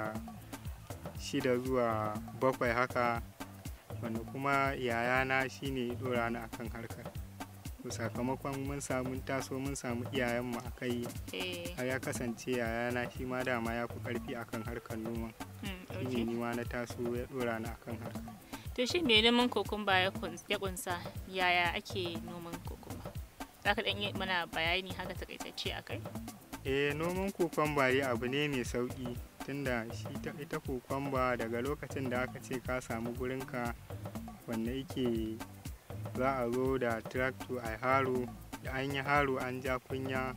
S8: shida zuwa bakwai haka wanda kuma yayana ne dora ni akan harkar sakamakon mun samu taso mun samu iyayenmu a kai eh. har ya kasance yayana shi ma dama ya fi karfi akan harkar noma hmm, shine ni ma na taso ya dora ni akan harkar
S7: to shi me noman kokumba ya kunsa yaya ake noman za ka ɗan mana bayani haka takaitacce a kai?
S8: eh noman kokwamba abu ne mai sauki tunda shi ita kokwamba daga lokacin da aka ce ka samu gurinka wanda yake za a zo da tractu a haro da an yi haro an ja kunya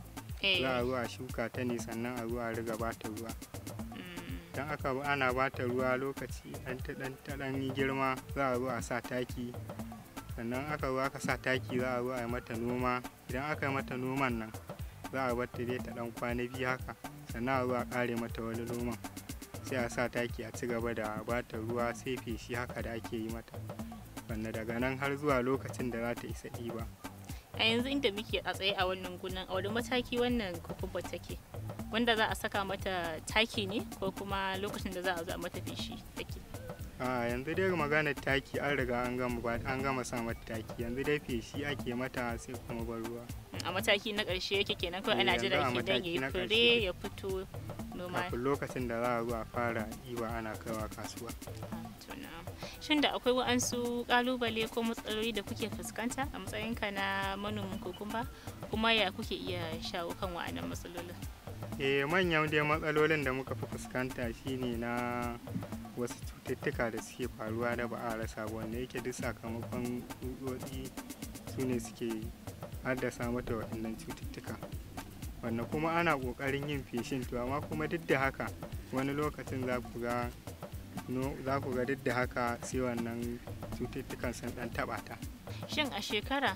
S8: za a zo a eh. shuka ta ne sannan a zo a riga ba ta ruwa mm. don aka ana ba ta ruwa lokaci ɗan ta girma za a zo a sa taki sannan aka zo aka sa taki za a zo a yi mata noma idan aka yi mata noman nan za a bar ta dai ta dan kwana biyu haka sannan a zo a kare mata wani noman sai a sa taki a ci gaba da ba ta ruwa sai feshi haka da ake yi mata wanda daga nan har zuwa lokacin da za ta isa ɗiba
S7: a yanzu inda muke a tsaye a wannan gunan a wani mataki wannan kukumbar take wanda za a saka mata taki ne ko kuma lokacin da za a zo a mata feshi take
S8: yanzu dai maganar taki an riga an gama sa mata taki yanzu dai feshi ake mata sai kuma ban ruwa
S7: a mataki na karshe yake kenan ko eh, ana jira ki dan yayi fure ya fito noma kafin
S8: lokacin da za a zo a fara iwa ana kaiwa kasuwa
S7: shin da akwai wa'ansu kalubale ko matsaloli da kuke fuskanta a matsayinka na manomin kokumba kuma ya kuke iya shawo kan wa'annan matsalolin
S8: eh manyan dai matsalolin da muka fi fuskanta shine na wasu cututtuka da suke faruwa da ba a rasa wanda yake duk sakamakon tsutsotsi su ne suke haddasa mata waɗannan cututtuka wanda kuma ana ƙoƙarin yin feshin to amma kuma duk da haka wani lokacin za ku ga za ku ga duk da haka sai wannan cututtukan sun ɗan taɓa ta
S7: shin a shekara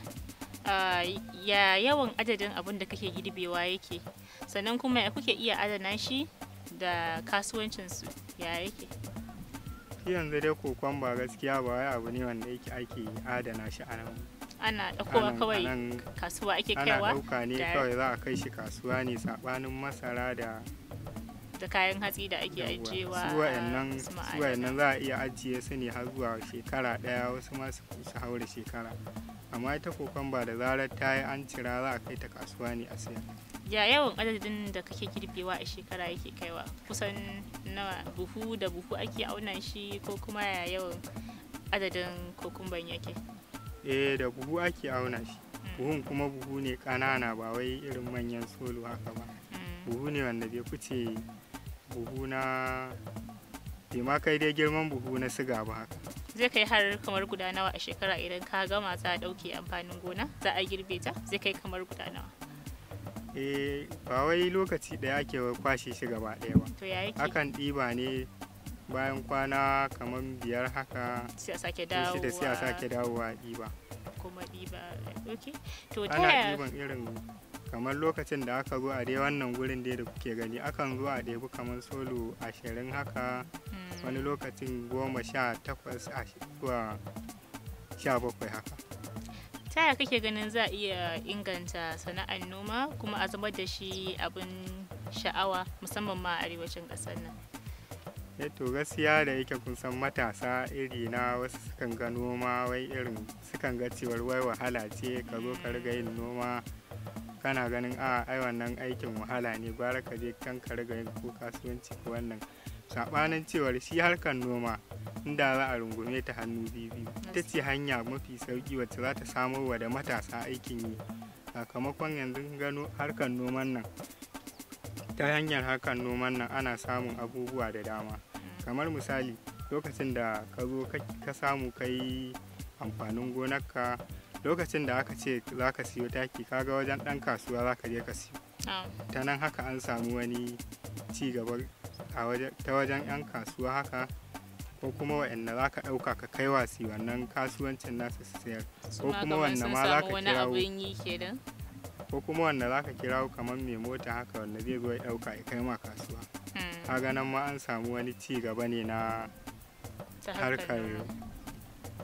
S7: ya yawan adadin abin da kake girbewa yake sannan kuma ya kuke iya adana shi da kasuwancinsu ya yake
S8: yanzu dai kokon ba gaskiya ba wai abu ne wanda yake ake adana shi a nan
S7: ana ɗaukowa kawai kasuwa ake kaiwa ana ɗauka ne kawai
S8: za a kai shi kasuwa ne saɓanin masara da
S7: da kayan hatsi da ake ajiyewa su wa'annan
S8: za a iya ajiye su ne har zuwa shekara ɗaya wasu ma su haure shekara amma ita kokwamba da zarar ta yi an cira za a kai ta kasuwa ne a siya
S7: ya yawan adadin da kake girbewa a shekara yake kaiwa kusan na buhu da buhu ake auna shi ko kuma ya yawan adadin kokumban yake
S8: eh da buhu ake auna shi hmm. buhun kuma buhu ne kanana ba wai irin manyan solo haka ba hmm. buhu ne wanda bai kuce buhu na bai ma kai dai girman buhu na siga ba haka
S7: zai kai har kamar guda nawa a shekara idan ka gama za a ɗauke amfanin gona za a girbe ta zai kai kamar guda nawa
S8: eh ba wai lokaci ɗaya ake kwashe shi gaba ɗaya ba to yayi akan ɗiba ne bayan kwana kamar biyar haka sai a sake dawowa da sai a sake dawowa ɗiba
S7: kuma ɗiba ok to ta ana ɗiban
S8: irin kamar lokacin da aka zo a dai wannan gurin dai da kuke gani akan zo a ɗebi kamar solo ashirin haka hmm. wani lokacin goma sha takwas zuwa sha bakwai haka
S7: taya kake ganin za a iya inganta sana'ar noma kuma a zama da shi abin sha'awa musamman ma a arewacin ƙasar nan
S8: eh to gaskiya da yake kun san matasa iri na wasu sukan ga noma wai irin sukan ga cewar wai wahala ce ka zo ka riga yin noma kana ganin a ai wannan aikin wahala ne gwara ka je kan ka riga yin ko kasuwanci ko wannan sabanin cewar shi harkar noma inda za a rungume ta hannu biyu ita ce hanya mafi sauki wacce za ta samo wa da matasa aikin yi sakamakon yanzu gano harkar noman nan ta hanyar harkar noman nan ana samun abubuwa da dama kamar misali lokacin da ka zo ka samu kai amfanin gonarka lokacin da aka ce za ka siyo taki kaga wajen ɗan kasuwa za ka je ka siyo ah. ta nan haka an samu wani ci gaba ta wajen 'yan kasuwa haka ko kuma wa'anda za ka ɗauka ka kai wasi wannan kasuwancin nasu su sayar ko kuma wanda ma za ka
S7: kirawo
S8: ko kuma wanda za ka kirawo kamar mai mota haka wanda zai zo ya ɗauka ya kai ma kasuwa hmm. kaga ganin ma an samu wani ci gaba ne na harkar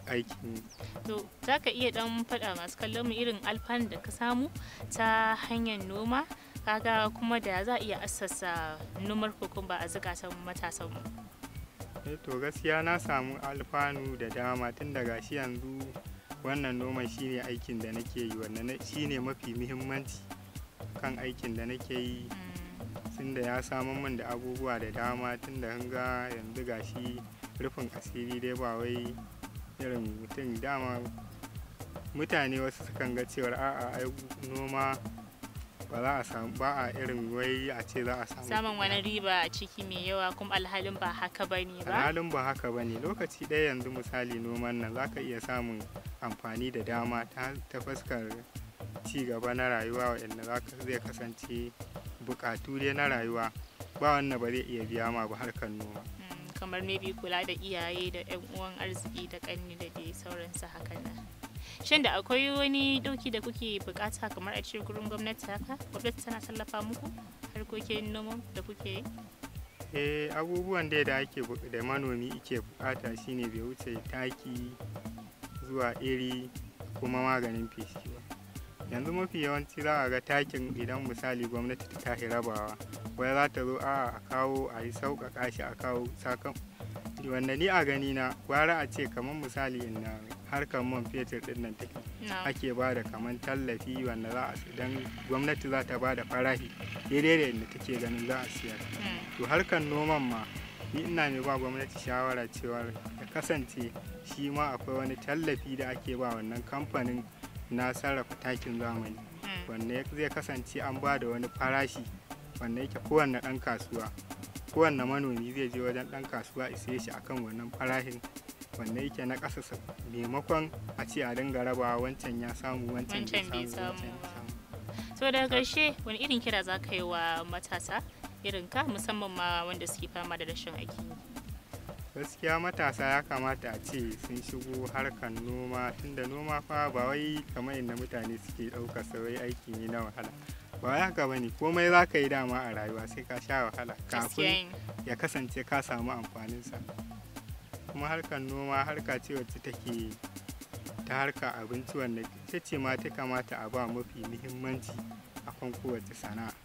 S8: aikin
S7: to za ka iya dan faɗa masu kallon mu irin alfan da ka samu ta hanyar noma kaga kuma da za a iya assasa numar kokumba a zukatan matasan mu
S8: eh to gaskiya na samu alfanu da dama tun daga shi yanzu wannan noma shine aikin da nake yi wannan shine mafi muhimmanci kan aikin da nake yi mm. tunda ya samun min da abubuwa da dama tun da hanga yanzu gashi rufin asiri dai ba wai irin mutum dama mutane wasu sukan ga cewar a'a ai noma ba za a samu ba a irin wai a ce za a samu samun
S7: wani riba a ciki mai yawa kuma alhalin ba haka ba ne ba alhalin
S8: ba haka ba ne lokaci ɗaya yanzu misali noman nan za ka iya samun amfani da dama ta fuskar ci gaba na rayuwa inda za ka zai kasance bukatu dai na rayuwa ba wannan ba zai iya biya ma ba harkar noma
S7: kamar maybe kula da iyaye da yan uwan arziki da kanni da dai sauransu hakan nan shin da akwai wani dauki da kuke bukata kamar a cikin gurin gwamnati haka gwamnati tana tallafa muku harkokin noma da kuke
S8: eh abubuwan da da ake da manomi ke bukata shine bai wuce taki zuwa iri kuma maganin feshi yanzu mafi yawanci za a ga takin idan misali gwamnati ta hirabawa rabawa wai za ta zo a a kawo a yi sauƙaƙa shi a kawo sakan wanda ni a gani na gwara a ce kamar misali na harkar man fetur din nan take ake ba da kamar tallafi wanda za a dan gwamnati za ta ba da farashi daidai da inda take ganin za a siyar hmm. to harkar noman ma ni ina mai ba gwamnati shawara cewa ya kasance shi ma akwai wani tallafi da ake ba wannan kamfanin na sarrafa takin zamani hmm. wanda zai kasance an ba da wani farashi wanda yake kowanne ɗan kasuwa kowanne manomi zai je wajen ɗan kasuwa isa shi akan wannan farashin wanda yake na ƙasa maimakon a ce a dinga rabawa wancan ya samu wancan bai samu
S7: to daga ƙarshe wani irin kira za ka yi wa matasa irin ka musamman ma wanda suke fama da rashin aiki
S8: gaskiya matasa ya kamata a ce sun shigo harkar noma tunda noma fa ba wai kamar inda mutane suke ɗaukar sauyi aiki ne na wahala ba ya haka bane komai za ka yi dama a rayuwa sai ka sha wahala kafin ya kasance ka samu amfanin sa kuma harkar noma harka ce wacce take ta harka abinci wanda ta ce ma ta kamata a ba mafi muhimmanci a kan kowace sana'a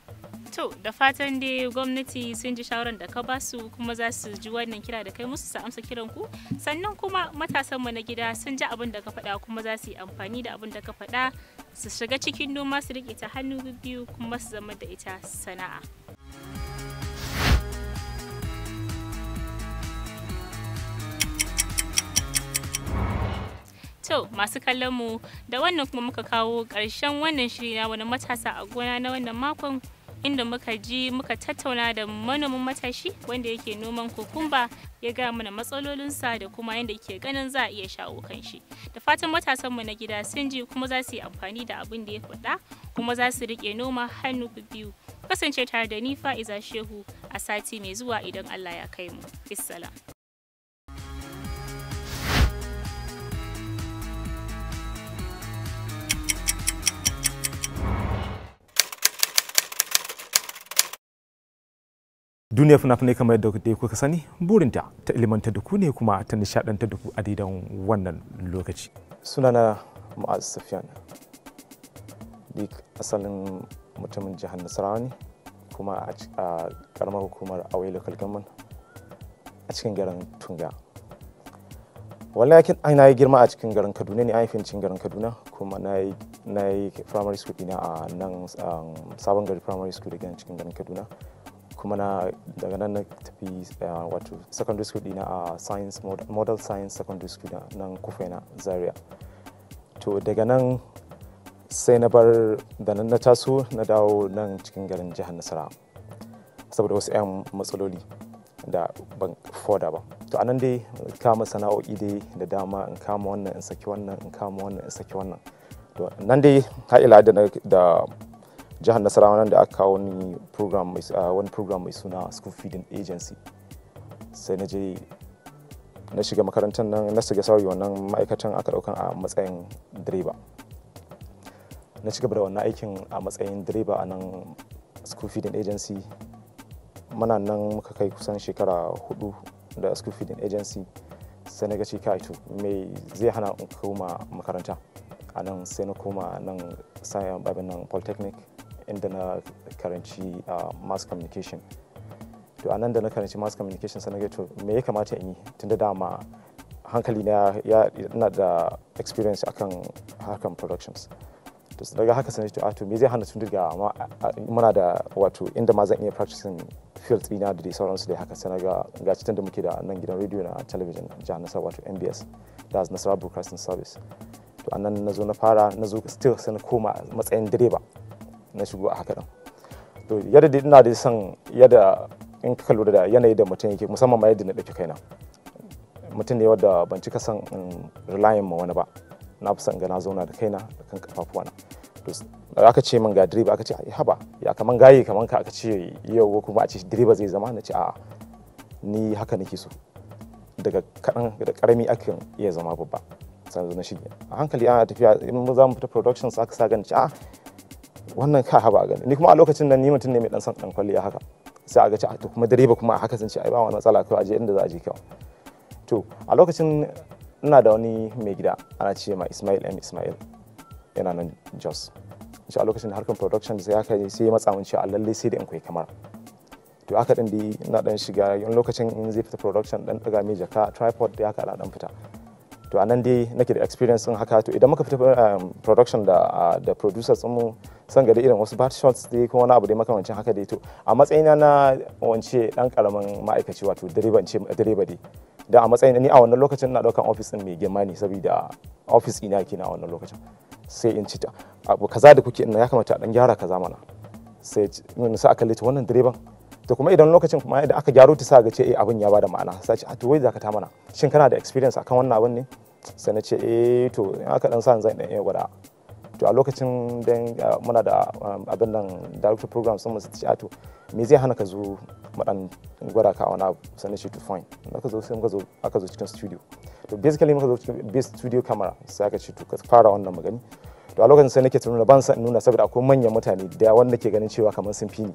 S7: to da fatan da gwamnati sun ji shawaran da ka ba su kuma za su ji wannan kira da kai musu su amsa kiran ku sannan kuma matasan mu na gida sun ji abin da ka faɗa kuma za su yi amfani da abin da ka faɗa su shiga cikin noma su rike ta hannu biyu kuma su zama da ita sana'a To masu kallon mu da wannan kuma muka kawo ƙarshen wannan shirya wani matasa a gona na wannan makon inda muka ji muka tattauna da manomin matashi wanda yake noman kokumba ya gaya mana matsalolinsa da kuma yadda ke ganin za a iya shawo kan shi da fatan matasanmu na gida sun ji kuma za su yi amfani da abin da ya faɗa kuma za su riƙe noma hannu biyu kasance tare da ni fa'iza shehu a sati mai zuwa idan allah ya kai mu fissala.
S9: duniya fina-finai kamar yadda dai kuka sani burinta ta ilimanta da ku ne kuma ta nishadanta da ku a daidan wannan lokaci sunana ma'az safiyan ni asalin mutumin jihar nasarawa ne kuma a karamar hukumar awai local government a cikin garin tunga wallahi na yi girma a cikin garin kaduna ne an cikin garin kaduna kuma na yi primary school ina a nan um, sabon gari primary school da cikin garin kaduna kuma na daga nan na tafi eh, wato secondary school dina a science model science secondary school nan na zaria to daga nan sai na bar da nan na taso na dawo nan cikin garin jihar nasara saboda wasu 'yan matsaloli da ban foda ba to anan dai kama sana'o'i dai da dama in kama wannan in saki wannan in kama wannan in saki wannan to nan dai ila da jihar nasarawa nan da aka kawo wani program ah, wani mai suna school feeding agency sai na je na shiga makarantar nan na shiga sauri wannan ma'aikatan aka daukan a matsayin direba na ci gaba da wannan aikin a matsayin direba a nan school feeding agency muna nan muka kai kusan shekara hudu da school feeding agency sai na gaci ce kai me zai hana in koma makaranta a nan sai na koma nan sayan babin nan polytechnic inda na karanci ah, mass communication to anan da na karanci mass communication Sana ga to me ya kamata in yi tunda dama hankali na ya ina da experience akan harkan productions to daga haka sai to a ah, to me zai hana tun daga muna da wato inda ma zan iya practicing field ina da sauran su da haka sai na ga gaci tunda muke da nan gidan radio na television jihar nasa wato MBS that's Nasarawa Broadcasting Service to anan na zo na fara na zo still sai na koma matsayin direba na shigo a haka din to yadda da ina da son yadda in ka lura da yanayi da mutum yake musamman ma yadda na ɗauki kaina mutum ne wanda ban cika san in relying ma wani ba na fi son ga na zauna da kaina da kan kafafuwa na to aka ce min ga direba aka ce haba ya kaman gaye kaman ka aka ce yau kuma a ce direba zai zama na ce a'a ni haka nake so daga kaɗan da karami akan iya zama babba sanzu na shige a hankali ana tafiya in mu za mu fita production sa aka sa gani a wannan ka haba gani ni kuma a lokacin nan ni mutum ne mai dan san dan kwalliya haka sai a ga ci ah, to kuma direba kuma a haka sun ce ai ba wani matsala kawai aje inda za a je kawai to a lokacin ina da wani mai gida ana ce ma Ismail M Ismail yana nan Jos shi a lokacin harkar production sai aka sai matsa mun cewa lalle sai da in kai kamar to aka din dai ina dan shiga yan lokacin in zai fita production dan daga mai jaka tripod da haka ala dan fita to anan dai nake da experience din haka to idan muka fita eh, production da ah, da producers din mu san gari irin wasu bat shots dai ko wani abu dai makamancin haka dai to a matsayina na wance dan karamin ma'aikaci wato direba ce direba dai da a matsayin ni a wannan lokacin ina daukan office din mai girma ne saboda office ina kina a wannan lokacin sai in cita abu kaza da kuke ina ya kamata a dan gyara kaza mana sai mun sa aka lita wannan direban to kuma idan lokacin kuma da aka gyaro ta sa ga ce eh abin ya bada ma'ana sai ce a to wai zaka ta mana shin kana da experience akan wannan abin ne sai na ce eh to in aka dan san zan dan iya gwada to a lokacin dan muna da um, abin nan director program sun musu ce ah, to me zai hana ka zo dan gwada ka wani abu sai na ce to fine ka zo sai muka zo aka zo cikin studio to basically muka zo cikin base studio camera sai aka ce to ka fara wannan magani to a lokacin sai nake tununa ban san nuna saboda akwai manyan mutane da wanda ke ganin cewa kamar sun fi ni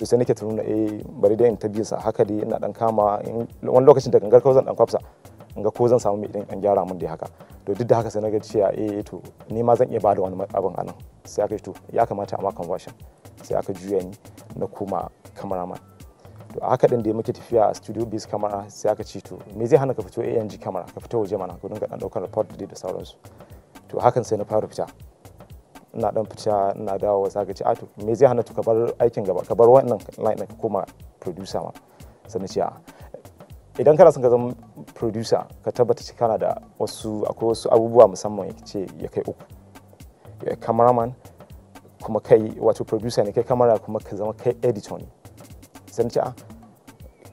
S9: to sai nake tununa eh bari dai in ta sa haka dai ina dan kama wani lokacin da gangar kawai zan dan kwafsa in ga ko zan samu mai idan an gyara mun da haka to duk da haka sai na ga cewa eh to ni ma zan iya bada wani abin anan sai aka to ya kamata a makan washin sai aka juya ni na koma kameraman to a haka din da muke tafiya a studio biz kamera sai aka ce to me zai hana ka fito ANG kamera ka fito waje mana ka dinga dan daukar report da da sauransu to hakan sai na fara fita ina dan fita ina dawowa sai ka ce a ah, to me zai hana ka bar aikin gaba ka bar wannan line ka koma producer ma sannan ce idan kana son ka zama producer ka tabbata ce kana da wasu akwai wasu abubuwa musamman ya ce ya kai uku cameraman kuma kai wato producer ne kai kamera kuma ka zama kai editor ne sai ce a ah,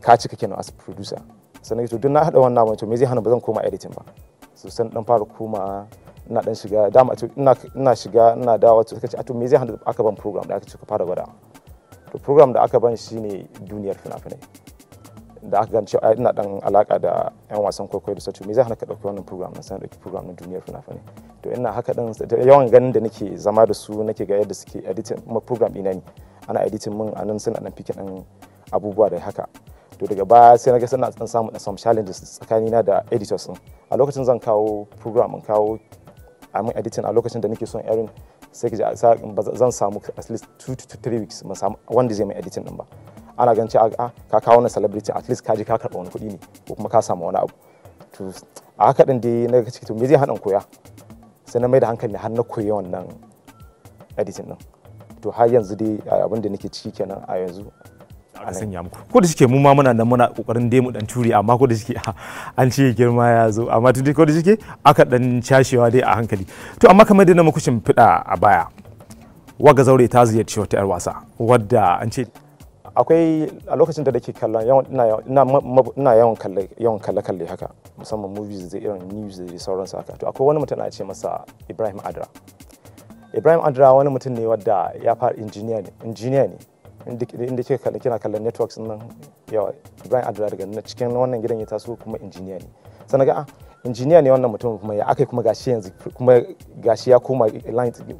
S9: ka cika kenan as producer sannan to duk na haɗa wannan abin to me zai hana ba zan koma editing ba so san dan fara koma ina dan shiga dama to ina ina shiga ina dawo to kace ah, to me zai hana aka ban program da aka ce ka fara gwada to program da aka ban shine duniyar fina-finai da aka gane cewa ina dan alaka da yan wasan kwaikwayo da sato me zai hana ka dauki wannan program na san dauki program na duniyar fina-finai to ina haka dan yawan ganin da nake zama da su nake ga yadda suke editing kuma program ina ne ana editing min nan suna nan fike dan abubuwa da haka to daga baya sai na ga suna dan samu some challenges tsakanina da editors din a lokacin zan kawo program in kawo a mun editing a lokacin da nake son irin sai ka zan samu at least 2 to 3 weeks ban samu wanda zai mai editing din ba ana ganin cewa a ah, ka kawo wannan celebrity at least ka je ka karɓa wani kuɗi ne ko kuma ka samu wani abu to a haka din dai na ga to me zai haɗin koya sai na mai da hankali har na koyi wannan editing din to har yanzu dai abin da nake ciki kenan a yanzu aka sanya muku ko da shike mu ma muna nan muna kokarin dai mu dan ture amma ko da shike an ce girma ya zo amma tun ko da shike aka dan cashewa dai a hankali to amma kamar da na muku fida a baya waga zaure ta ziyarci wata 'yar wasa wadda an ce akwai a lokacin da nake kallon ina yawan kalle yawan kalle kalle haka musamman movies da irin news da sauransu haka to akwai wani mutum a ce masa Ibrahim Adra Ibrahim Adra wani mutum ne wadda ya fara injiniya ne engineer ne inda kike kalle kina kallon networks nan yawa Ibrahim Adra daga cikin wannan gidan ya taso kuma injiniya ne sannan ga ah, injiniya ne wannan mutum kuma ya aka kuma gashi yanzu kuma gashi ya koma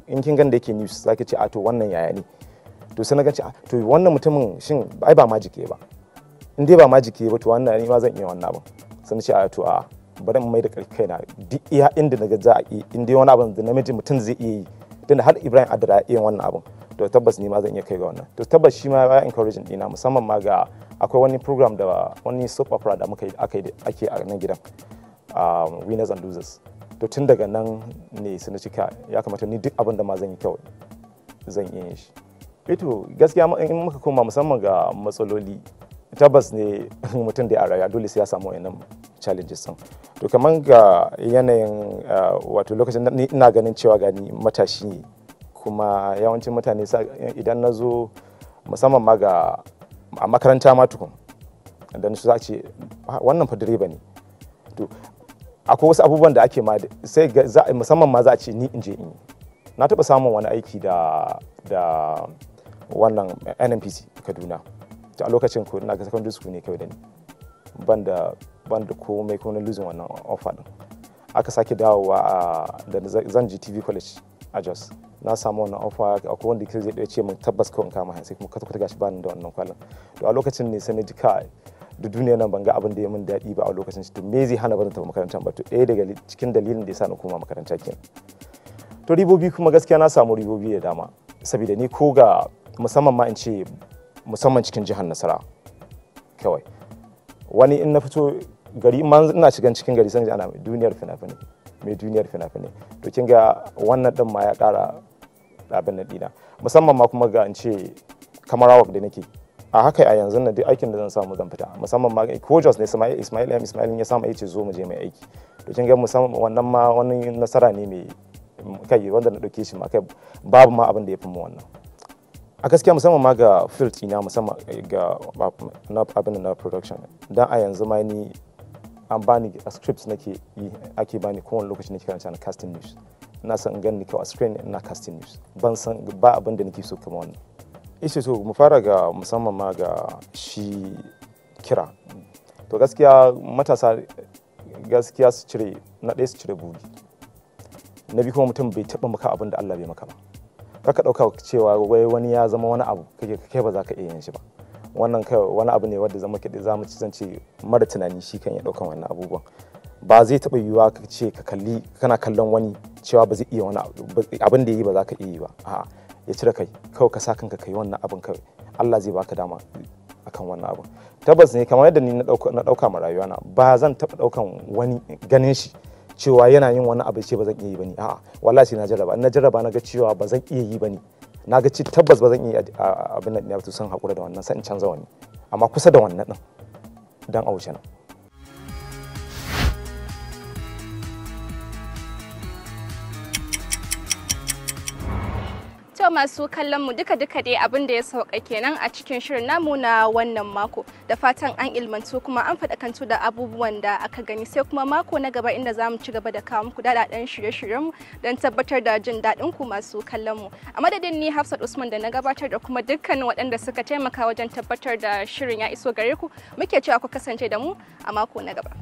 S9: in kin ganda da yake news zaki ce a ah, to wannan yaya ne to sai na ga ah, to wannan mutumin shin ai ba majike ba in dai ba majike ba to wannan ni ma zan iya wannan ba sai na ce a ah, to a ah, bari mai da kai na duk iya inda na ga za a yi in dai wani abin da namiji mutum zai iya yi tunda har Ibrahim Adara ya iya wannan abin to tabbas ni ma zan iya kai ga wannan to tabbas shi ma ya encouraging dina musamman ma ga akwai wani program da wani soap opera da muka da ake a nan gidan um, winners and losers to tun daga nan ne su na cika ya kamata ni duk abin da ma zan yi kyau zan iya yin shi Ito eh gaskiya in muka koma musamman ga matsaloli tabbas ne mutum da a raya dole sai ya samu wayannan challenges sun to kamar ga yanayin eh, wato lokacin da ina ganin cewa gani matashi ne kuma yawancin mutane idan na zo musamman ma ga a makaranta ma tukun da su za ce ah, wannan fa direba ne to akwai wasu abubuwan da ake ma sai musamman ma za a ce ni in je in na taɓa samun wani aiki da wannan nnpc kaduna to a lokacin ku ina ga secondary school ne kawai da ni ban da ban da komai ko na losing wannan offer din aka sake dawowa a ah, da zanji tv college a jos na samu wannan offer akwai wanda ke zai ce min tabbas kawai kama hanyar sai kuma kwata kwata gashi bani da wannan kwalin to a lokacin ne sai na ji ka da duniya nan ban ga abin da ya min daɗi ba a lokacin to me zai hana bazan tafi makarantar ba to ɗaya daga cikin dalilin da ya sa na koma makaranta kenan to ribobi kuma gaskiya na samu ribobi da dama saboda ni ko ga musamman ma in ce musamman cikin jihar nasara kawai wani in na fito gari ma ina shigan cikin gari san ana duniyar fina-finai mai duniyar fina-finai to kin ga wannan din ma ya kara abin na dina musamman ma kuma ga in ce kamar rawak da nake a haka a yanzu na duk aikin da zan samu zan fita musamman ma ko Jos ne Ismail ya Ismail ya samu yace zo mu je mai aiki to kin ga musamman wannan ma wani nasara ne mai kai wanda na dauke shi ma kai babu ma abin da ya fi mu wannan a gaskiya musamman ma ga field ina musamman eh, ga na abin na production dan a yanzu ma ni an bani a scripts nake yi ake bani kowane lokaci nake karanta na casting news na san gan kawai a screen na casting news ban san ba abin da nake so kuma wannan ishe so mu fara ga musamman ma ga shi kira to gaskiya matasa gaskiya su cire na ɗaya su cire bugi na biyu kuma mutum bai taɓa maka abin da Allah bai maka ba kaka ɗauka cewa wai wani ya zama wani abu kai ba za ka iya yin shi ba wannan kai wani abu ne wanda zama kiɗi za mu ci zance mara tunani shi kan ya ɗaukan wannan abubuwan ba zai taɓa yiwuwa ka ce ka kalli kana kallon wani cewa ba zai iya wani abin da yi ba za ka iya yi ba a'a ya cire kai kawai ka sa kanka kai wannan abin kawai Allah zai baka dama akan wannan abin tabbas ne kamar yadda ni na ɗauka ma rayuwa na ba zan taɓa ɗaukan wani ganin shi cewa yana yin wani abu ce ba zan iya yi ni a'a wallahi na jarraba na jarraba na ga cewa ba zan iya yi ba ni na ga ci tabbas ba zan iya abin nan ne ba san hakura da wannan san in canza wani amma kusa da wannan din dan aushe nan
S1: To masu kallon mu duka duka dai abin da ya sauka kenan a cikin shirin namu na wannan mako. Da fatan an ilmantu kuma an kantu da abubuwan da aka gani sai kuma mako na gaba inda zamu mu ci gaba da kawo muku daɗaɗɗen shirye-shiryen mu don tabbatar da jin daɗin ku masu kallon mu. A madadin ni Hafsat Usman da na gabatar da kuma dukkanin waɗanda suka taimaka wajen tabbatar da shirin ya iso gare ku muke cewa ku kasance da mu a mako na gaba.